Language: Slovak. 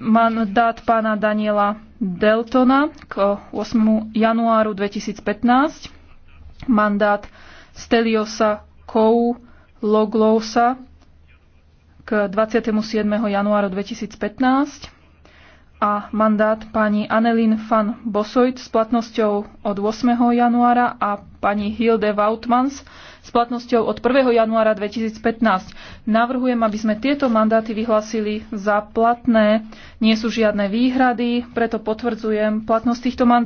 mandát pána Daniela Deltona k 8. januáru 2015, mandát Steliosa Kou Loglousa k 27. januáru 2015, a mandát pani Anelin van Bosoit s platnosťou od 8. januára a pani Hilde Wautmans s platnosťou od 1. januára 2015. Navrhujem, aby sme tieto mandáty vyhlasili za platné. Nie sú žiadne výhrady, preto potvrdzujem platnosť týchto mandátov.